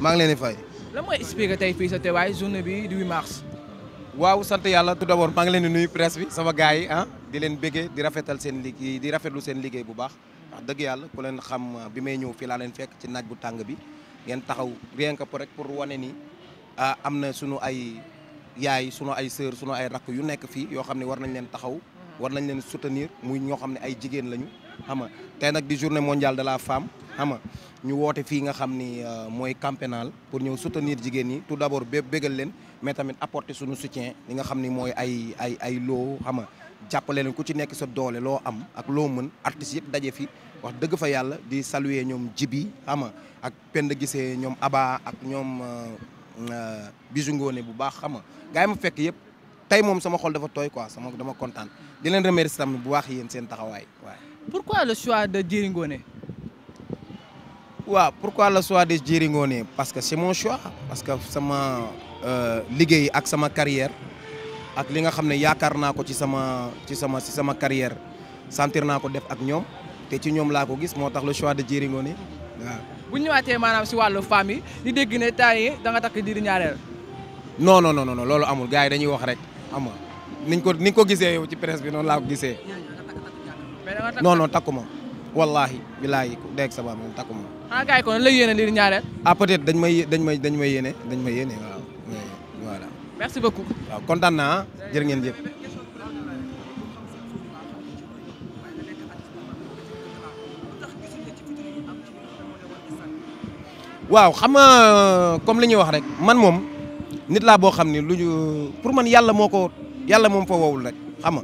maa ngi leen di fay. lan mooy expliqué tey fii sa te teewaay journée bi di 8 mars. waaw sant yàlla du d'abord maa ngi leen di nuyu presse bi sama gars yi ah di leen béggee di rafetal seen liggéey di rafetlu seen liggéey bu baax wax dëgg yàlla ko leen xam ah, bi may ñëw fii laa leen fekk ci naaj bu tàng bi ngeen taxaw rien que rek pour wane ni ah am na sunu ay yaay sunu ay sœur sunu ay rakk yu nekk fii yoo xam ne war nañ leen taxaw war nañ leen soutenir muy ñoo xam ne ay jigéen lañu xam nga tey nag di journée mondial de la femme xam ñu woote fii nga xam ni euh, mooy camp pour ñëw soutenir jigéen ñi tout d'abord bé bégal leen mais tamit apporter suñu soutien li nga xam ni mooy ay ay ay loo xam nga jàppale leen ku ci nekk sa doole loo am ak loo mën artistes yëpp daje fi wax dëgg fa yàlla di saluer ñoom jibi xam nga ak pend gisee ñoom aba ak ñoom euh, euh, bisu ngoone bu baax xam nga gars yi ma fekk yëpp tey moom sama xol dafa tooy quoi sama dama kontaan di leen remercier tamit bu baax yéen seen taxawaay Pourquoi le choix de Djeri Ngoné waaw pourquoi le choix de Djeri parce que c'est mon parce que sama euh, liggéey ak sama carrière ak li nga xam ne yaakaar naa ko ci sama ci sama ci sama carrière sentir naa ko def ak ñoom te ci ñoom laa ko gis moo tax le choix de Djeri Ngoné waaw. bu ñu ñëwaatee maanaam si wàllu femme yi di dégg ne temps yi nga takk di di ñaareel. non loolu amul gars yi dañuy wax rek xam ni ko gisee yow ci presse bi noonu laa gisee. non non takku ma wallaahi billaahi deeg sa baa moom takku ma. Ah, kon la yéene lii ñaareel. ah peut-être dañ may dañ may dañ may yéene dañ may yéene waaw voilà. merci beaucoup. waaw ngeen jëf. waaw xam nga comme li ñuy wax rek man moom nit laa boo xam ne lu ñu pour man yàlla moo ko yàlla moom fa wowul rek xam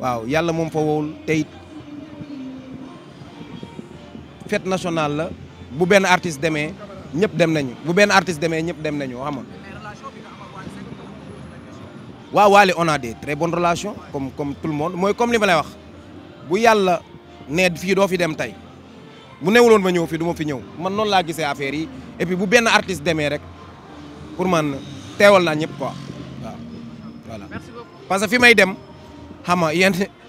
waaw yàlla moom fa wowul tey fête nationale la bu benn artiste demee ñëpp dem nañu bu benn artiste demee ñëpp dem nañu xam nga waaw Wally on a des très bon relation comme comme tout le monde mooy comme li ma lay wax bu yàlla nee fii doo fi dem tey bu newuloon ma ñëw fii du ma fi ñëw man noonu laa gisee affaire yi et bu benn artiste demee rek pour man teewal na ñëpp quoi parce que fi may dem xam nga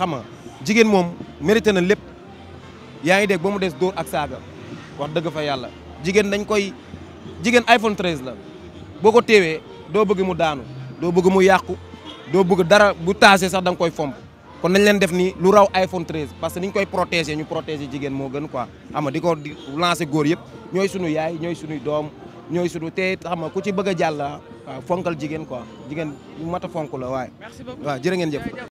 xam nga jigéen moom mérité na lépp yaa ngi dégg ba mu des dóor ak saaga wax dëgg fa yàlla jigéen dañ koy jigéen iPhone 13 la boo ko téewee doo bëgg mu daanu doo bëgg mu yàqu doo bëgg dara bu taasee sax da nga koy fomp kon nañ leen def ni lu raw iPhone 13 parce que ni koy protéger ñu protéger jigéen moo gën quoi xam nga di ko di lancer góor yëpp ñooy sunu yaay ñooy sunuy doom ñooy sunu te xam nga ku ci bëgg a jàll ah, fonkal jigéen quoi jigéen bu mat a fonk la waaye. merci beaucoup waaw ngeen jëf.